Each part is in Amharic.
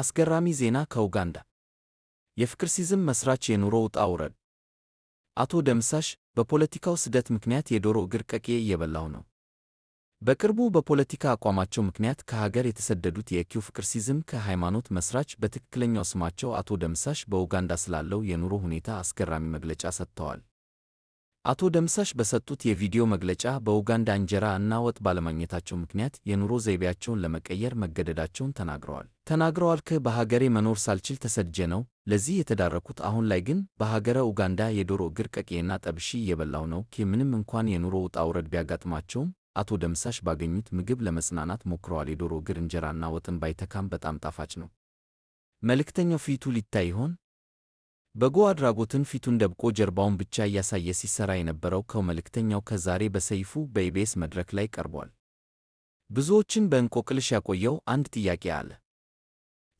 አስገራሚ ዜና ከኡጋንዳ የፍቅርሲዝም መስራች የኑሮ ውጣ ውረድ። አቶ ደምሳሽ በፖለቲካው ስደት ምክንያት የዶሮ እግር ቀቄ እየበላው ነው። በቅርቡ በፖለቲካ አቋማቸው ምክንያት ከሀገር የተሰደዱት የኪው ፍቅርሲዝም ከሃይማኖት መስራች በትክክለኛው ስማቸው አቶ ደምሳሽ በኡጋንዳ ስላለው የኑሮ ሁኔታ አስገራሚ መግለጫ ሰጥተዋል። አቶ ደምሳሽ በሰጡት የቪዲዮ መግለጫ በኡጋንዳ እንጀራ እና ወጥ ባለማግኘታቸው ምክንያት የኑሮ ዘይቤያቸውን ለመቀየር መገደዳቸውን ተናግረዋል። ተናግረዋል ከ በሀገሬ መኖር ሳልችል ተሰድጄ ነው ለዚህ የተዳረኩት። አሁን ላይ ግን በሀገረ ኡጋንዳ የዶሮ እግር ቀቄና ጠብሺ እየበላሁ ነው ኬ ምንም እንኳን የኑሮ ውጣ ውረድ ቢያጋጥማቸውም አቶ ደምሳሽ ባገኙት ምግብ ለመጽናናት ሞክረዋል። የዶሮ እግር እንጀራና ወጥን ባይተካም በጣም ጣፋጭ ነው። መልእክተኛው ፊቱ ሊታይ ይሆን? በጎ አድራጎትን ፊቱን ደብቆ ጀርባውን ብቻ እያሳየ ሲሰራ የነበረው ከው መልእክተኛው ከዛሬ በሰይፉ በኢቢኤስ መድረክ ላይ ቀርቧል። ብዙዎችን በእንቆቅልሽ ያቆየው አንድ ጥያቄ አለ።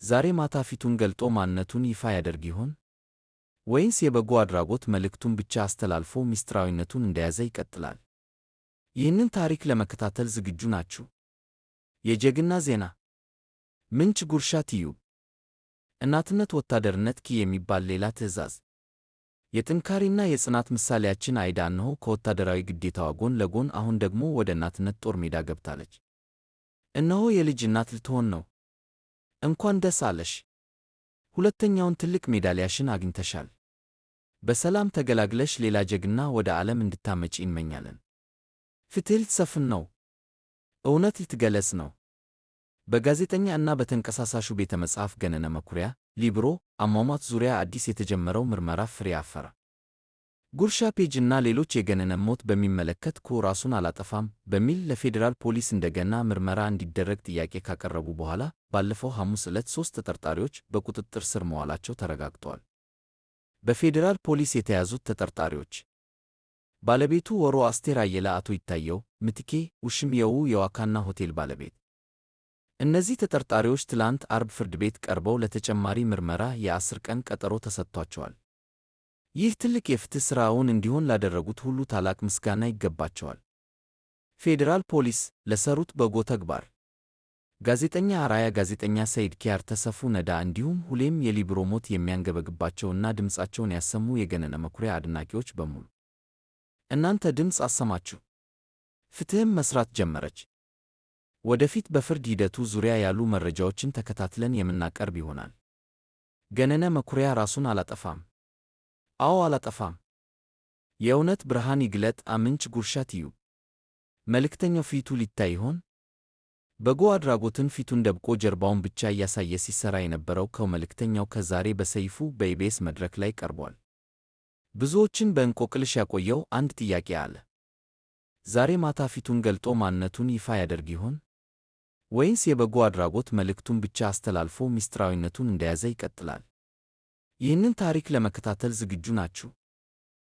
ዛሬ ማታ ፊቱን ገልጦ ማንነቱን ይፋ ያደርግ ይሆን ወይንስ የበጎ አድራጎት መልእክቱን ብቻ አስተላልፎ ምስጢራዊነቱን እንደያዘ ይቀጥላል? ይህንን ታሪክ ለመከታተል ዝግጁ ናችሁ? የጀግና ዜና ምንጭ ጉርሻ ትዩብ እናትነት ወታደርነት ኪ የሚባል ሌላ ትዕዛዝ የጥንካሬና የጽናት ምሳሌያችን አይዳ እነሆ ከወታደራዊ ግዴታዋ ጎን ለጎን አሁን ደግሞ ወደ እናትነት ጦር ሜዳ ገብታለች። እነሆ የልጅ እናት ልትሆን ነው። እንኳን ደስ አለሽ! ሁለተኛውን ትልቅ ሜዳሊያሽን አግኝተሻል። በሰላም ተገላግለሽ ሌላ ጀግና ወደ ዓለም እንድታመጪ እንመኛለን። ፍትህ ልትሰፍን ነው። እውነት ልትገለጽ ነው። በጋዜጠኛ እና በተንቀሳቃሹ ቤተ መጽሐፍ ገነነ መኩሪያ ሊብሮ አሟሟት ዙሪያ አዲስ የተጀመረው ምርመራ ፍሬ አፈራ። ጉርሻ ፔጅ እና ሌሎች የገነነ ሞት በሚመለከት ኩ ራሱን አላጠፋም በሚል ለፌዴራል ፖሊስ እንደገና ምርመራ እንዲደረግ ጥያቄ ካቀረቡ በኋላ ባለፈው ሐሙስ ዕለት ሦስት ተጠርጣሪዎች በቁጥጥር ስር መዋላቸው ተረጋግጧል። በፌዴራል ፖሊስ የተያዙት ተጠርጣሪዎች ባለቤቱ ወሮ አስቴር አየለ፣ አቶ ይታየው ምትኬ፣ የው የዋካና ሆቴል ባለቤት እነዚህ ተጠርጣሪዎች ትላንት አርብ ፍርድ ቤት ቀርበው ለተጨማሪ ምርመራ የአስር ቀን ቀጠሮ ተሰጥቷቸዋል። ይህ ትልቅ የፍትሕ ሥራውን እንዲሆን ላደረጉት ሁሉ ታላቅ ምስጋና ይገባቸዋል። ፌዴራል ፖሊስ ለሰሩት በጎ ተግባር ጋዜጠኛ አራያ፣ ጋዜጠኛ ሰይድ ኪያር፣ ተሰፉ ነዳ እንዲሁም ሁሌም የሊብሮ ሞት የሚያንገበግባቸውና ድምፃቸውን ያሰሙ የገነነ መኩሪያ አድናቂዎች በሙሉ እናንተ ድምፅ አሰማችሁ፣ ፍትሕም መስራት ጀመረች። ወደፊት በፍርድ ሂደቱ ዙሪያ ያሉ መረጃዎችን ተከታትለን የምናቀርብ ይሆናል። ገነነ መኩሪያ ራሱን አላጠፋም። አዎ አላጠፋም። የእውነት ብርሃን ይግለጥ። አምንጭ ጉርሻ ትዩ መልእክተኛው ፊቱ ሊታይ ይሆን? በጎ አድራጎትን ፊቱን ደብቆ ጀርባውን ብቻ እያሳየ ሲሠራ የነበረው ከው መልእክተኛው ከዛሬ በሰይፉ በኢቢኤስ መድረክ ላይ ቀርቧል። ብዙዎችን በእንቆቅልሽ ያቆየው አንድ ጥያቄ አለ። ዛሬ ማታ ፊቱን ገልጦ ማንነቱን ይፋ ያደርግ ይሆን? ወይስ የበጎ አድራጎት መልእክቱን ብቻ አስተላልፎ ምስጢራዊነቱን እንደያዘ ይቀጥላል? ይህንን ታሪክ ለመከታተል ዝግጁ ናችሁ?